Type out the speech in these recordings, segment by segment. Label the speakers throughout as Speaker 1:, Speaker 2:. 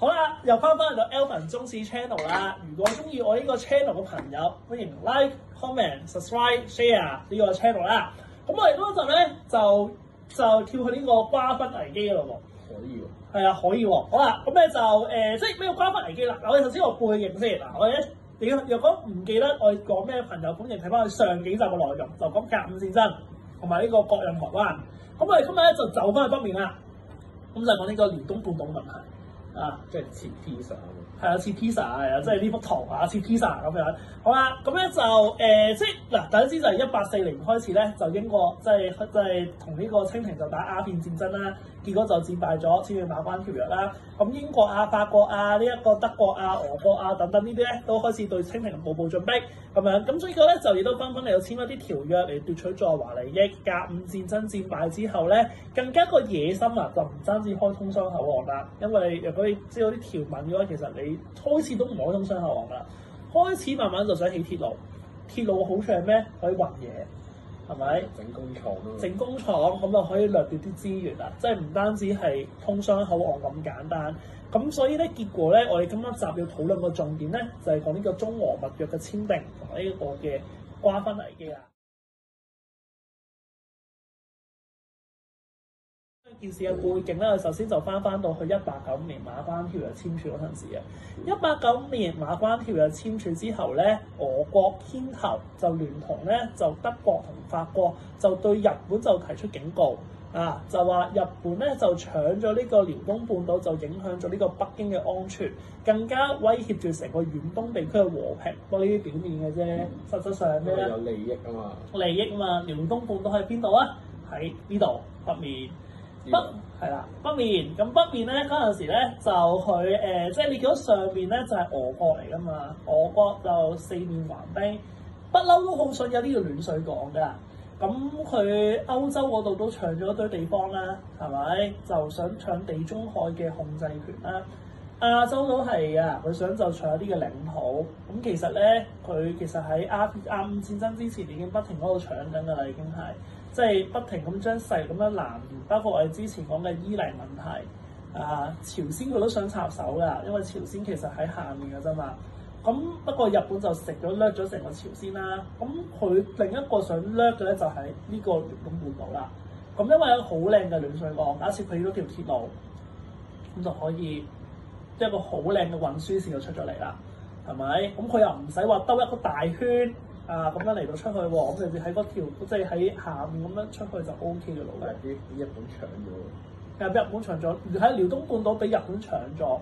Speaker 1: 好啦，又翻返嚟《Elven 中史 Channel》啦。如果中意我呢個 channel 嘅朋友，歡迎 like、comment、subscribe、share 呢個 channel 啦。咁我哋今日集咧就就，就跳去呢個瓜分危機咯喎，可以喎，係啊，可以喎。好啦，咁咧就誒、呃，即係咩叫瓜分危機啦？我哋首先我背景先嗱，我哋咧如果唔記得我講咩，朋友歡迎睇翻我上幾集嘅內容，就講甲午戰爭同埋呢個割讓台灣。咁我哋今日咧就走翻去北面啦，咁就講呢個遼東半島問題。啊，pizza，啊，pizza, 啊，即係切披薩喎，係啊，切披薩係啊，即係呢幅圖啊，切披薩咁樣，好、呃、啦，咁樣就誒，即係嗱，大家知就係一八四零開始咧，就英國即係即係同呢個清廷就打鴉片戰爭啦，結果就戰敗咗，簽完馬關條約啦，咁英國啊、法國啊、呢、這、一個德國啊、俄國啊等等呢啲咧，都開始對清廷步步進逼咁樣，咁所以講咧就亦都紛紛嚟簽一啲條約嚟奪取在華利益。甲午戰爭戰敗，戰敗之後咧，更加個野心啊，就唔單止開通商口岸啦，因為如果你知嗰啲條文嘅話，其實你開始都唔可以開通商口岸㗎啦，開始慢慢就想起鐵路。鐵路嘅好處係咩？可以運嘢，係咪？整工廠，整工廠咁啊，就可以掠奪啲資源啊，即係唔單止係通商口岸咁簡單。咁所以咧，結果咧，我哋今一集要討論嘅重點咧，就係、是、講呢個中俄密約嘅簽訂同呢個嘅瓜分危機啊。件事嘅背景咧，我首先就翻翻到去一八九五年馬關條約簽署嗰陣時，一八九五年馬關條約簽署之後咧，俄國牽頭就聯同咧就德國同法國就對日本就提出警告啊，就話日本咧就搶咗呢個遼東半島，就影響咗呢個北京嘅安全，更加威脅住成個遠東地區嘅和平。不過呢啲表面嘅啫，實質上係咩咧？有利益啊嘛！利益啊嘛！遼東半島喺邊度啊？喺呢度北面。北係啦，北面咁北面咧，嗰陣時咧就佢誒、呃，即係你見到上面咧就係、是、俄國嚟噶嘛，俄國就四面環冰，不嬲都好想有呢個暖水港㗎。咁佢歐洲嗰度都搶咗一堆地方啦，係咪就想搶地中海嘅控制權啦？亞洲都係啊，佢想就搶一啲嘅領土。咁其實咧，佢其實喺亞亞午戰爭之前已經不停喺度搶緊㗎啦，已經係。即係不停咁將勢咁樣攔住，包括我哋之前講嘅伊犁問題啊，朝鮮佢都想插手㗎，因為朝鮮其實喺下面㗎啫嘛。咁不過日本就食咗掠咗成個朝鮮啦。咁佢另一個想掠嘅咧就喺呢個日本本島啦。咁因為有好靚嘅暖水港，假設佢攞條鐵路，咁就可以即係一個好靚嘅運輸線就出咗嚟啦。係咪？咁佢又唔使話兜一個大圈。啊咁樣嚟到出去喎，我哋接喺嗰條即係喺下面咁樣出去，出去就 O K 嘅路嘅。俾日本搶咗，又俾、啊、日本搶咗，喺遼東半島俾日本搶咗。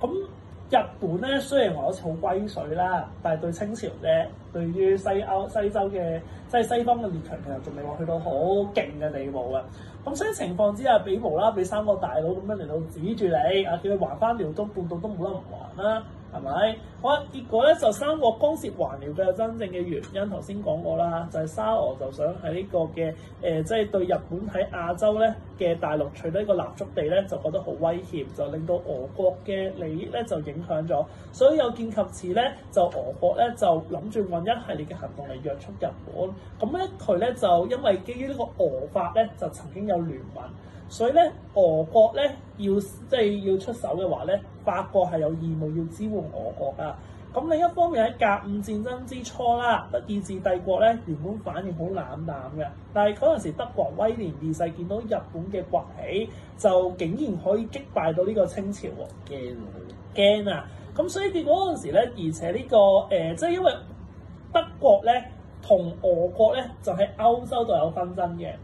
Speaker 1: 咁日本咧雖然話好似好龜水啦，但係對清朝咧，對於西歐、西周嘅即係西方嘅列強，其實仲未話去到好勁嘅地步嘅。咁、啊、所以情況之下，俾無啦，俾三個大佬咁樣嚟到指住你，啊叫佢還翻遼東半島都冇得唔還啦。係咪？好，結果咧就三國干涉還遼嘅真正嘅原因，頭先講過啦，就係、是、沙俄就想喺呢個嘅誒，即、呃、係、就是、對日本喺亞洲咧嘅大陸取得一個立足地咧，就覺得好威脅，就令到俄國嘅利益咧就影響咗，所以有見及此咧，就俄國咧就諗住用一系列嘅行動嚟約束日本。咁咧佢咧就因為基於呢個俄法咧就曾經有聯盟。所以咧，俄國咧要即係要出手嘅話咧，法國係有義務要支援俄國㗎。咁另一方面喺甲午戰爭之初啦，德意志帝國咧原本反應好冷淡嘅，但係嗰陣時德國威廉二世見到日本嘅崛起，就竟然可以擊敗到呢個清朝喎，驚啊了！驚啊！咁所以結果嗰陣時咧，而且呢、呢個誒，即、呃、係、就是、因為德國咧同俄國咧就喺歐洲度有紛爭嘅。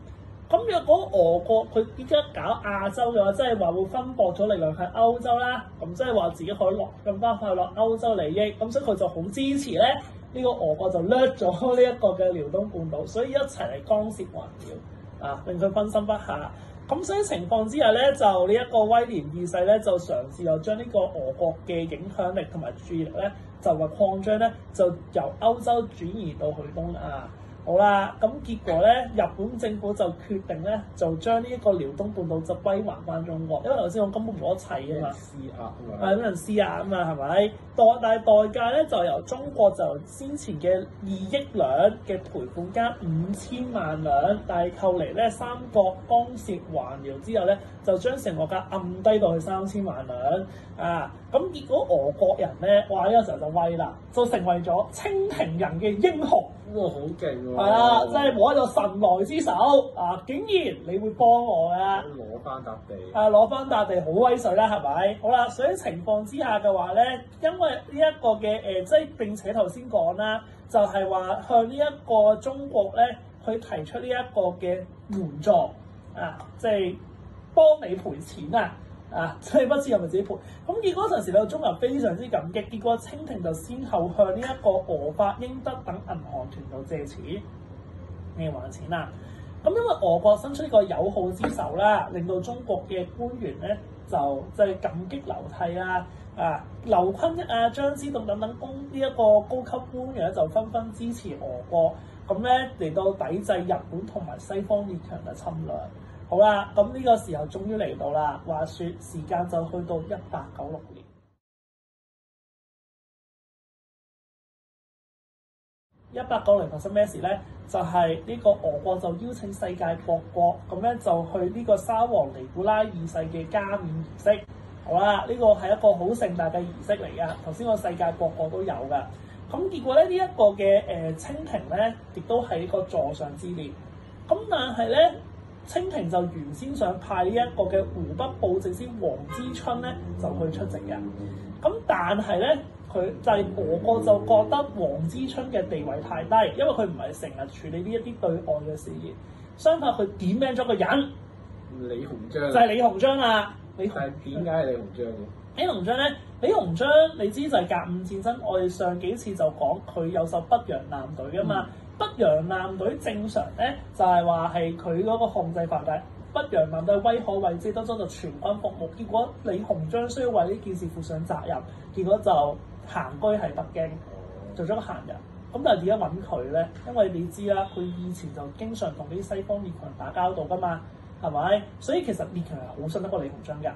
Speaker 1: 咁若果俄國，佢依家搞亞洲嘅話，即係話會分薄咗力量喺歐洲啦。咁即係話自己可以落更加快落歐洲利益，咁所以佢就好支持咧呢個俄國就掠咗呢一個嘅遼東半島，所以一齊嚟干涉環繞啊，令佢分心不下。咁所以情況之下咧，就呢一個威廉二世咧，就嘗試又將呢個俄國嘅影響力同埋注意力咧，就話擴張咧，就由歐洲轉移到去東亞。好啦，咁結果咧，日本政府就決定咧，就將呢一個遼東半島就歸還翻中國，因為頭先我根本冇一齊嘅嘛，人試下，係咁樣試下啊嘛，係咪代？但代價咧就由中國就先前嘅二億兩嘅賠款加五千萬兩，但係後嚟咧三國干涉還遼之後咧，就將成個價暗低到去三千萬兩啊。咁結果俄國人咧，哇！有、呢個、時候就威啦，就成為咗清廷人嘅英雄。哇！好勁喎！係啦、啊，即係摸到神來之手啊！竟然你會幫我啊！攞翻笪地啊！攞翻笪地好威水啦、啊，係咪？好啦、啊，所以情況之下嘅話咧，因為呢一個嘅誒，即、呃、係並且頭先講啦，就係、是、話向呢一個中國咧去提出呢一個嘅援助啊，即、就、係、是、幫你賠錢啊！啊！真係不知係咪自己賠？咁而嗰陣時，呢個中國人非常之感激。結果，清廷就先後向呢一個俄法英德等銀行團度借錢咩還錢啦、啊。咁因為俄國伸出呢個友好之手啦，令到中國嘅官員咧就即係、就係、感激流涕啊！啊，劉坤一啊、張之洞等等公呢一個高級官員咧就紛紛支持俄國，咁咧嚟到抵制日本同埋西方列強嘅侵略。好啦，咁、這、呢個時候終於嚟到啦。話説時間就去到一八九六年，一八九六年發生咩事咧？就係、是、呢個俄國就邀請世界各國咁咧，就去呢個沙皇尼古拉二世嘅加冕儀式。好啦，呢、這個係一個好盛大嘅儀式嚟噶。頭先個世界各國都有噶，咁結果咧呢一、這個嘅誒清廷咧，亦都喺個座上之列。咁，但係咧。清廷就原先想派呢一個嘅湖北布政司王之春咧，就去出席嘅。咁但係咧，佢就係俄國就覺得王之春嘅地位太低，因為佢唔係成日處理呢一啲對外嘅事業。相反，佢點名咗個人，李鴻章，就係李鴻章啦。但係點解係李鴻章？李鴻章咧，李鴻章你知就係甲午戰爭，我哋上幾次就講佢有首北洋艦隊啊嘛。嗯北洋艦隊正常咧，就係話係佢嗰個控制範大北洋艦隊威海位置多咗就全軍覆沒，結果李鴻章需要為呢件事負上責任，結果就行居喺北京，做咗個閒人。咁但係點解揾佢咧？因為你知啦，佢以前就經常同啲西方列強打交道噶嘛，係咪？所以其實列強係好信得過李鴻章嘅。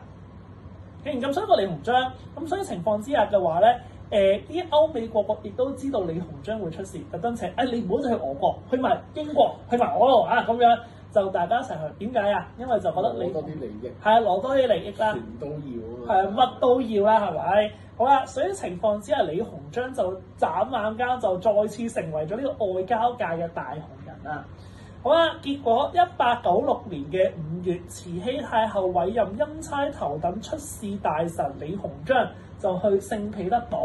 Speaker 1: 既然咁信得過李鴻章，咁所以情況之下嘅話咧。誒啲、呃、歐美國國亦都知道李鴻章會出事，特登請誒你唔好去俄國，去埋英國，去埋我度。啊」亞咁樣，就大家一齊去。點解啊？因為就覺得攞多啲利益，係、嗯、啊，攞多啲利益啦。錢都，都要，係啊、嗯，物都要啦，係咪？好啦、啊，所以情況之下，李鴻章就眨眼間就再次成為咗呢個外交界嘅大紅人啊！好啦、啊，結果一八九六年嘅五月，慈禧太后委任欽差頭等出使大臣李鴻章就去聖彼得堡，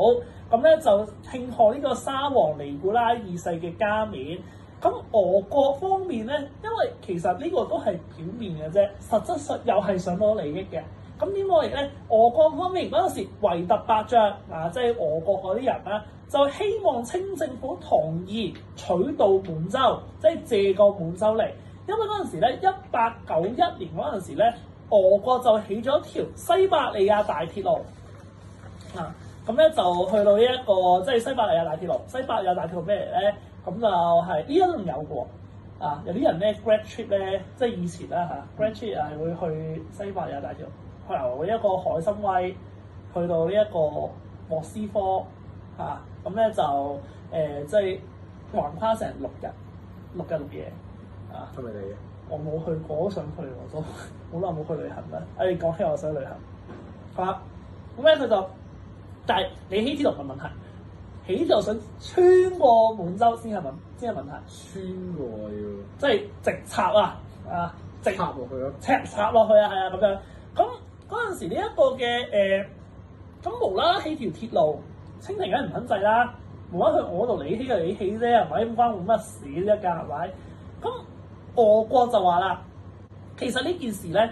Speaker 1: 咁咧就慶賀呢個沙皇尼古拉二世嘅加冕。咁俄國方面咧，因為其實呢個都係表面嘅啫，實質上又係想攞利益嘅。咁另外咧，俄國方面嗰陣時維特伯爵，嗱，即係俄國嗰啲人啦。就希望清政府同意取道滿洲，即係借個滿洲嚟。因為嗰陣時咧，一八九一年嗰陣時咧，俄國就起咗條西伯利亞大鐵路。嗱、啊，咁咧就去到呢、這、一個，即係西伯利亞大鐵路。西伯利亞大鐵路咩咧？咁就係呢一個有過。啊，有啲人咧 grad trip 咧，即係以前啦嚇 grad trip 係會去西伯利亞大鐵路，去到一個海參崴，去到呢一個莫斯科嚇。啊咁咧就誒、呃，即係橫跨成六日六日六夜啊！都未嚟嘅，我冇去過，我想去，我都好耐冇去旅行啦。誒，講起我想旅行好啦。咁咧佢就，但係你起鐵路嘅問題，起就想穿過滿洲先係問先係問題，穿過要即係直插啊啊！直插落去咯，斜插落去啊，係啊咁樣。咁嗰陣時呢一個嘅誒，咁、呃、無啦啦起條鐵路。清廷梗唔肯制啦，無啦去我度理起嚟你起啫，係咪？關我乜事啫？㗎係咪？咁俄國就話啦，其實呢件事咧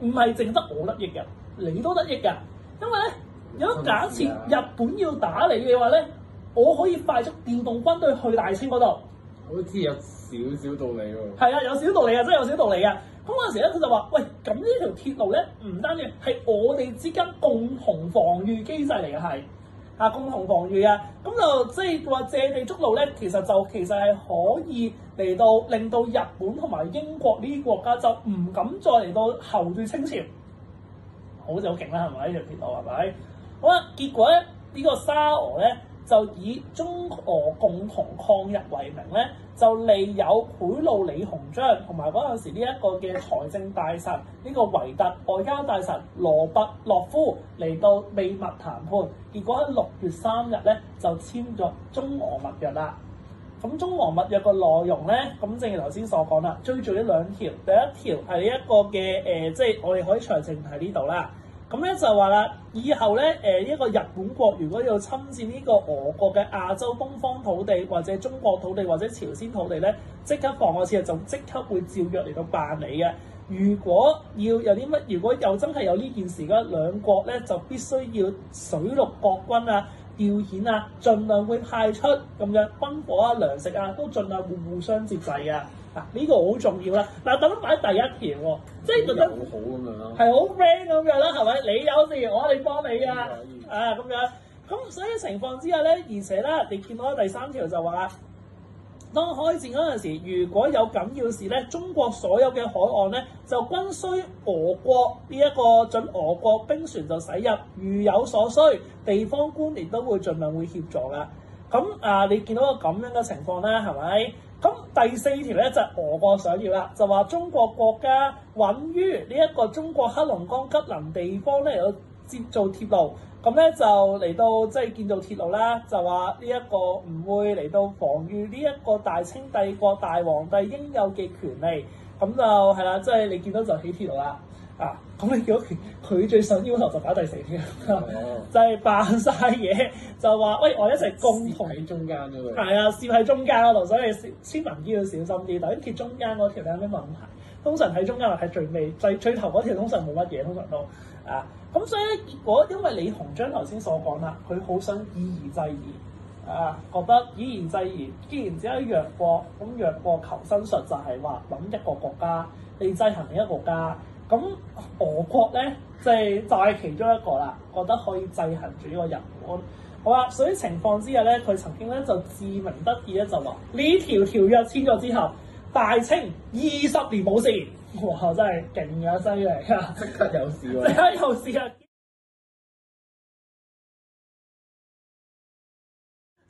Speaker 1: 唔係淨得我得益嘅，你都得益㗎。因為咧，如果假設日本要打你嘅話咧，我可以快速調動軍隊去大清嗰度。好似有少少道理喎。係啊，有少道理啊，真係、啊、有少道理嘅。咁嗰陣時咧，佢就話：喂，咁呢條鐵路咧，唔單止係我哋之間共同防禦機制嚟嘅，係。啊，共同防禦啊，咁就即係話借地築路咧，其實就其實係可以嚟到令到日本同埋英國呢啲國家就唔敢再嚟到後退清朝，好似好勁啦，係咪？呢條鐵路係咪？好啦，結果咧，呢個沙俄咧就以中俄共同抗日為名咧。就利有賄賂李鴻章同埋嗰陣時呢一個嘅財政大臣呢、呢個維特外交大臣羅伯洛夫嚟到秘密談判，結果喺六月三日咧就簽咗《中俄密約》啦。咁《中俄密約》嘅內容咧，咁正如頭先所講啦，追著呢兩條，第一條係呢一個嘅誒，即、呃、係、就是、我哋可以詳情喺呢度啦。咁咧就話啦，以後咧誒呢個日本國如果要侵佔呢個俄國嘅亞洲東方土地，或者中國土地，或者朝鮮土地咧，即刻防禦戰就即刻會照約嚟到辦理嘅。如果要有啲乜，如果又真係有呢件事嘅，兩國咧就必須要水陸國軍啊調遣啊，儘量會派出咁樣軍火啊、糧食啊，都盡量互相接濟啊。呢個好重要啦、啊！嗱，特登擺第一條喎、啊，即係覺得好好咁樣，係好 friend 咁樣啦、啊，係咪？你有事我嚟幫你啊！嗯、啊咁樣，咁、嗯、所以情況之下咧，而且咧，你見到第三條就話啊，當開戰嗰陣時，如果有緊要事咧，中國所有嘅海岸咧，就均需俄國呢一、這個準俄國兵船就駛入，如有所需，地方官員都會盡量會協助噶。咁、嗯、啊，你見到個咁樣嘅情況咧，係咪？咁第四條咧就是、俄國想要啦，就話中國國家允於呢一個中國黑龍江吉林地方咧嚟到接造鐵路，咁咧就嚟到即係、就是、建造鐵路啦，就話呢一個唔會嚟到防禦呢一個大清帝國大皇帝應有嘅權利。咁就係啦，即係、啊就是、你見到就起鐵路啦。啊！咁你如果佢最想要求就搞第四條、哦，就係扮晒嘢，就話喂我一齊共同喺中間咯。係啊，笑喺中間嗰度，所以千文啲要小心啲。但係貼中間嗰條有咩問題？通常喺中間或係最尾，就最頭嗰條通常冇乜嘢。通常都啊，咁所以咧，結果，因為李鴻章頭先所講啦，佢好想以夷制夷啊，覺得以夷制夷。既然只可弱國咁弱國求生術，就係話揾一個國家你制衡另一個國家。咁俄國咧就係、係、就係其中一個啦，覺得可以制衡住呢個日本。好啦、啊，所以情況之下咧，佢曾經咧就自鳴得意咧就話呢條條約簽咗之後，大清二十年冇事。哇！真係勁啊，犀利啊！即刻有事喎！即 刻有事啊！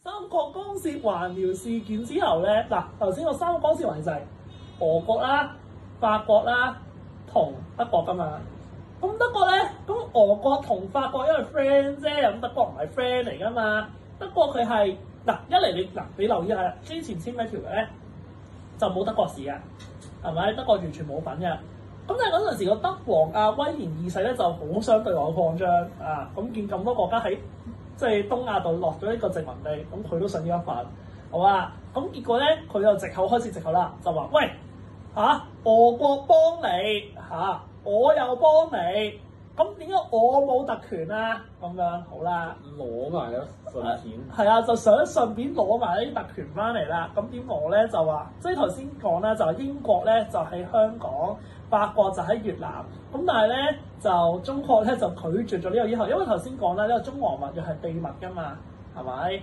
Speaker 1: 三國干涉還遼事件之後咧，嗱頭先個三國干涉還遼就係俄國啦、法國啦。同德國噶嘛？咁德國咧，咁俄國同法國因為 friend 啫，咁德國唔係 friend 嚟噶嘛？德國佢係嗱一嚟你嗱、啊、你留意一下之前簽咩條嘅咧，就冇德國事嘅，係咪？德國完全冇份嘅。咁但係嗰陣時個德皇啊威廉二世咧就好想對講擴張啊，咁見咁多國家喺即係東亞度落咗一個殖民地，咁、嗯、佢都想要一份。好啊，咁、嗯、結果咧佢就藉口開始藉口啦，就話喂。嚇、啊，俄國幫你嚇、啊，我又幫你，咁點解我冇特權啊？咁樣好啦，攞埋咯，順便係啊，啊，就想順便攞埋啲特權翻嚟啦。咁點我咧就話，即係頭先講咧，就英國咧就喺香港，法國就喺越南，咁但係咧就中國咧就拒絕咗呢個要求，因為頭先講咧呢個中俄合作係秘密噶嘛，係咪？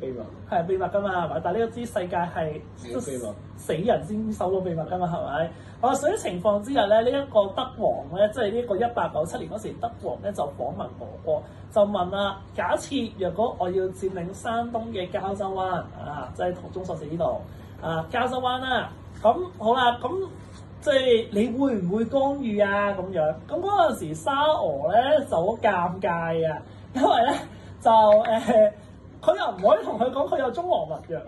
Speaker 1: 秘密係秘密㗎嘛，係咪？但係呢個知世界係密死人先收到秘密㗎嘛，係咪？我、啊、話所以情況之下咧，呢、這、一個德王咧，即係呢個一八九七年嗰時，德王咧就訪問俄國，就問啦：假設若果我要佔領山東嘅膠州、啊啊、州灣啊，即係圖中所示呢度啊，膠州灣啦，咁好啦，咁即係你會唔會干預啊？咁樣咁嗰陣時沙俄咧就好尷尬嘅，因為咧就誒。呃 佢又唔可以同佢講佢有中俄密約，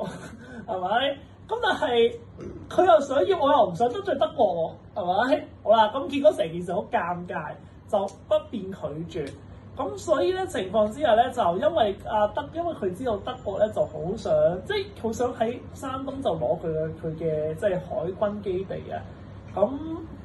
Speaker 1: 係 咪？咁但係佢又想要，我又唔想得罪德國喎，係咪？好啦，咁結果成件事好尷尬，就不便拒絕。咁所以咧情況之下咧，就因為啊德，因為佢知道德國咧就好想，即係好想喺山東就攞佢嘅佢嘅即係海軍基地啊。咁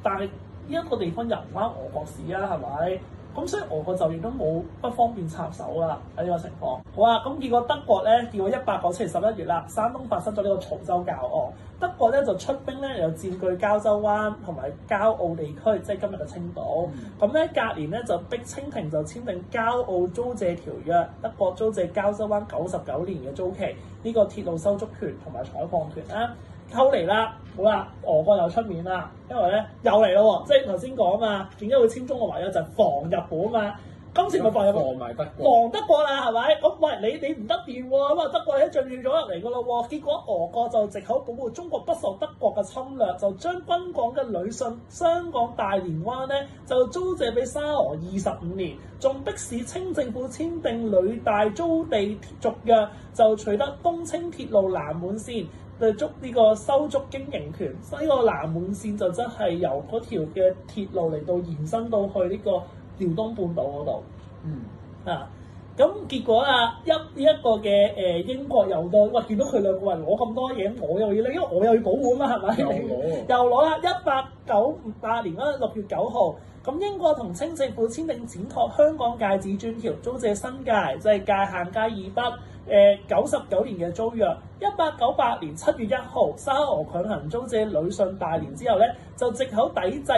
Speaker 1: 但係呢一個地方又唔關俄國事啊，係咪？咁所以俄國就亦都冇不方便插手啦，喺呢個情況。好啊，咁結果德國咧，結果一八九七十一月啦，山東發生咗呢個曹州教案，德國咧就出兵咧又佔據膠州灣同埋膠澳地區，即係今日嘅青島。咁咧、嗯、隔年咧就逼清廷就簽訂膠澳租借條約，德國租借膠州灣九十九年嘅租期，呢、呢個鐵路修築權同埋採礦權啦，後嚟啦。好啦，俄國又出面啦，因為咧又嚟咯，即係頭先講嘛，點解會簽中俄協就係、防日本嘛？今次咪防日本，防德國啦，係咪？咁、嗯、喂，你哋唔得掂喎，咁啊德國已經進駐咗入嚟噶咯喎，結果俄國就藉口保護中國不受德國嘅侵略，就將軍港嘅旅順、香港大連灣咧就租借俾沙俄二十五年，仲迫使清政府簽訂旅大租地續約，就取得東清鐵路南滿線。就捉呢個收足經營權，所、這、以個南滿線就真係由嗰條嘅鐵路嚟到延伸到去呢個遼東半島嗰度。嗯啊，咁結果啊，一呢一、這個嘅誒、呃、英國又到，喂見到佢兩個人攞咁多嘢，我又要拎，因為我又要保管啦，係咪？又攞，又攞啦！一八九八年啦，六月九號，咁英國同清政府簽訂《展拓香港界址專條》，租借新界，即、就、係、是，界限街以北。以北九十九年嘅租約，一八九八年七月一號沙俄強行租借旅順大連之後咧，就藉口抵制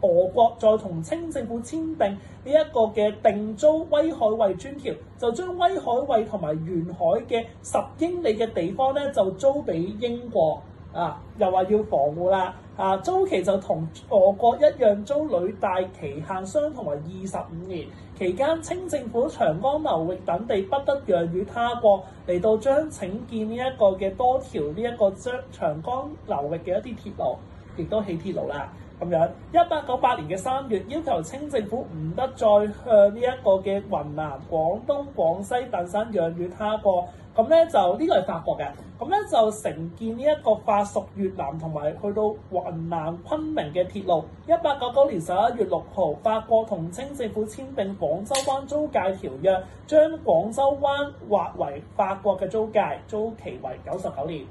Speaker 1: 俄國再同清政府簽訂呢一個嘅定租威海衛專條，就將威海衛同埋沿海嘅十英里嘅地方咧就租俾英國啊，又話要防護啦啊，租期就同俄國一樣租旅大期限相同為二十五年。期間，清政府長江流域等地不得讓與他國嚟到將請建呢一個嘅多條呢一個將長江流域嘅一啲鐵路，亦都起鐵路啦。咁樣，一八九八年嘅三月，要求清政府唔得再向呢一個嘅雲南、廣東、廣西等省讓與他國。咁咧就呢個係法國嘅，咁咧就承建呢一個法屬越南同埋去到雲南昆明嘅鐵路。一八九九年十一月六號，法國同清政府簽訂《廣州灣租界條約》，將廣州灣劃為法國嘅租界，租期為九十九年。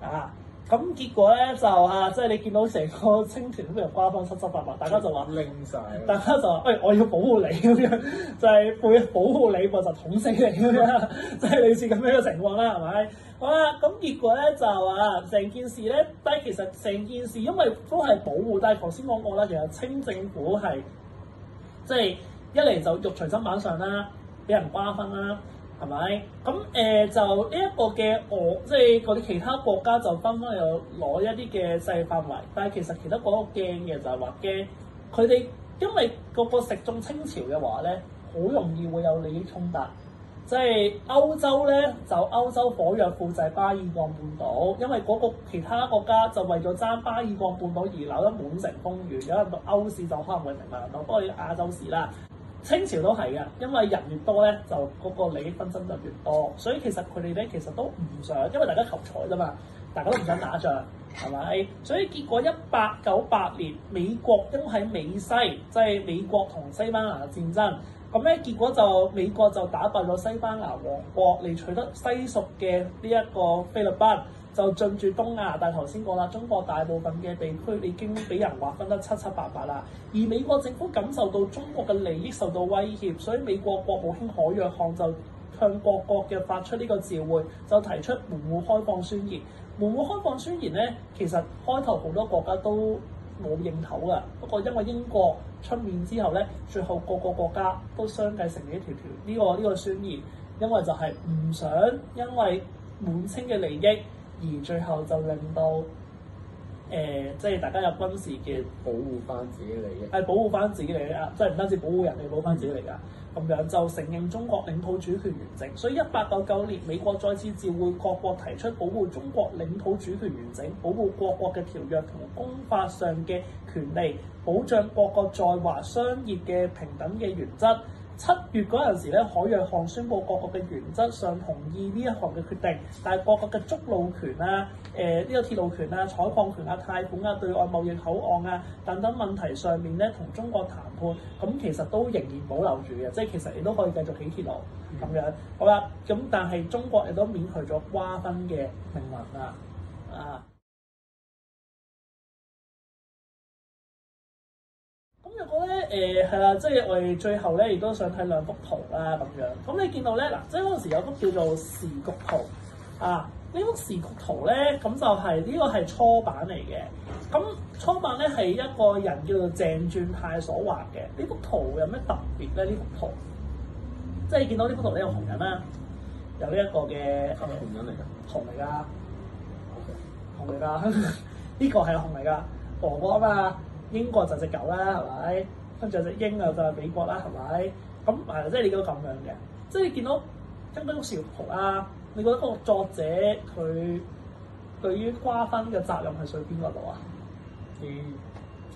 Speaker 1: 啊！咁結果咧就啊，即係你見到成個清團都又瓜分七七八八，大家就話，大家就話，哎，我要保護你咁樣， 就係我保護你，我就捅、是、死你咁 樣、啊，就係類似咁樣嘅情況啦，係咪？好啦，咁結果咧就啊，成件事咧低，但其實成件事因為都係保護，但係頭先講過啦，其實清政府係即係一嚟就肉隨砧板上啦，俾人瓜分啦。係咪？咁誒、呃、就呢一、這個嘅我、哦，即係嗰啲其他國家就分分有攞一啲嘅勢力範圍，但係其實其他嗰個驚嘅就係話驚，佢哋因為個個食中清朝嘅話咧，好容易會有利益衝突。即係歐洲咧，就歐洲火藥庫就係巴爾幹半島，因為嗰個其他國家就為咗爭巴爾幹半島而鬧得滿城風雨。有人歐市就可能會明白到，不過要亞洲市啦。清朝都係噶，因為人越多咧，就嗰個利益分爭就越多，所以其實佢哋咧其實都唔想，因為大家求財啫嘛，大家都唔想打仗，係咪？所以結果一八九八年美國都喺美西，即係美國同西班牙戰爭，咁咧結果就美國就打敗咗西班牙王國，嚟取得西屬嘅呢一個菲律賓。就進駐東亞，但係頭先講啦，中國大部分嘅地區已經俾人劃分得七七八八啦。而美國政府感受到中國嘅利益受到威脅，所以美國國好卿海約翰，就向各國嘅發出呢個照會，就提出門戶開放宣言。門戶開放宣言呢，其實開頭好多國家都冇認頭噶，不過因為英國出面之後呢，最後各個國家都相繼成起一條條呢、這個呢、這個宣言，因為就係唔想因為滿清嘅利益。而最後就令到誒、呃，即係大家有軍事嘅保護，翻自己嚟嘅係保護翻自己嚟嘅啊！即係唔單止保護人哋，保護翻自己嚟噶，咁樣就承認中國領土主權完整。所以一八九九年，美國再次照會各國，提出保護中國領土主權完整、保護各國嘅條約同公法上嘅權利、保障各國在華商業嘅平等嘅原則。七月嗰陣時咧，海約翰宣布各國嘅原則上同意呢一項嘅決定，但係各國嘅築路權啊、誒、呃、呢、這個鐵路權啊、採礦權啊、貸款啊、對外貿易口岸啊等等問題上面咧，同中國談判，咁其實都仍然保留住嘅，即係其實你都可以繼續起鐵路咁、嗯、樣，好啦，咁但係中國亦都免去咗瓜分嘅命運啦，嗯、啊！咁我咧，誒，係啦，即係我哋最後咧，亦都想睇兩幅圖啦咁樣。咁你見到咧，嗱，即係嗰陣時有幅叫做時局圖啊。圖，呢幅時局圖咧，咁就係呢個係初版嚟嘅。咁初版咧係一個人叫做鄭鑑泰所畫嘅。呢幅圖有咩特別咧？呢幅圖，即係你見到呢幅圖呢，有紅人啦、啊，有呢一個嘅係咪紅人嚟㗎，紅嚟㗎， 紅嚟㗎。呢個係紅嚟㗎，哥哥啊嘛～英國就隻狗啦，係咪？跟住有隻鷹啊，就係美國啦，係咪？咁係即係你都咁樣嘅，即係你見到咁多幅圖啦、啊，你覺得個作者佢對於瓜分嘅責任係在邊個度啊？啲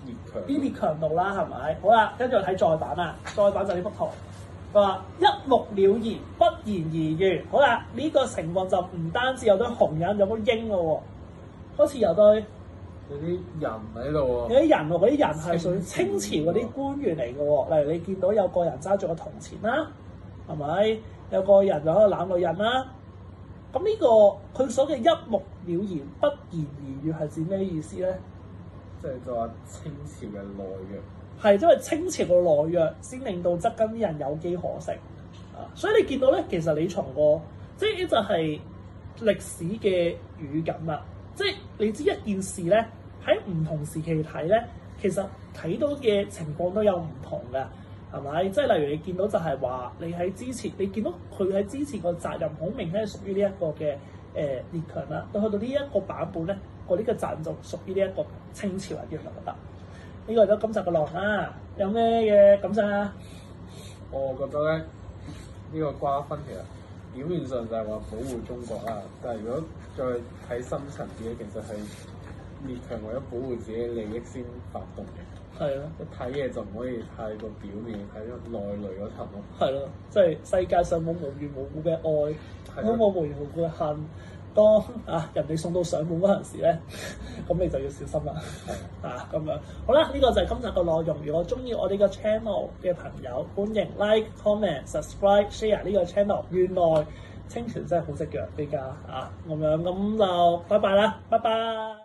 Speaker 1: 列、嗯、強，啲列強度啦，係咪？好啦，跟住我睇再版啦，再版就呢幅圖，佢話一目了然，不言而喻。好啦，呢、呢個情況就唔單止有對紅人，有對鷹嘅喎，好似有對。有啲人喺度喎，有啲人喎，嗰啲人係屬於清朝嗰啲官員嚟嘅喎。例如你見到有個人揸住個銅錢啦，係咪？有個人喺度攬女人啦。咁呢個，佢所謂一目了然，不言而喻係指咩意思咧？即係就話清朝嘅懦弱。係，因為清朝嘅懦弱先令到側邊啲人有機可乘啊！所以你見到咧，其實你從個即係呢，就係歷史嘅語感啦。即係你知一件事咧。喺唔同時期睇咧，其實睇到嘅情況都有唔同嘅，係咪？即係例如你見到就係話，你喺之前你見到佢喺之前個責任好明顯係屬於呢一個嘅誒、呃、列強啦，到去到呢一個版本咧，個呢個責任就屬於呢一個清朝嘅列強得唔得？呢個嚟到今集嘅狼啊，有咩嘢感受？我覺得咧，呢、呢個瓜分其實表面上就係話保護中國啦，但係如果再睇深層自己其實係。列強為咗保護自己利益先發動嘅係咯，一睇嘢的就唔可以太過表面，睇咗內裡嗰層咯。係咯，即、就、係、是、世界上冇無緣無，無故嘅愛，冇冇的無緣無，無故嘅恨。當啊人哋送到上門嗰陣時咧，咁 你就要小心啦。係 啊，咁樣好啦，呢、這個就係今集個內容。如果中意我哋個 channel 嘅朋友，歡迎 like、comment、subscribe、share 呢個 channel。原來清泉真係好識嘅呢家啊，咁樣咁就拜拜啦，拜拜。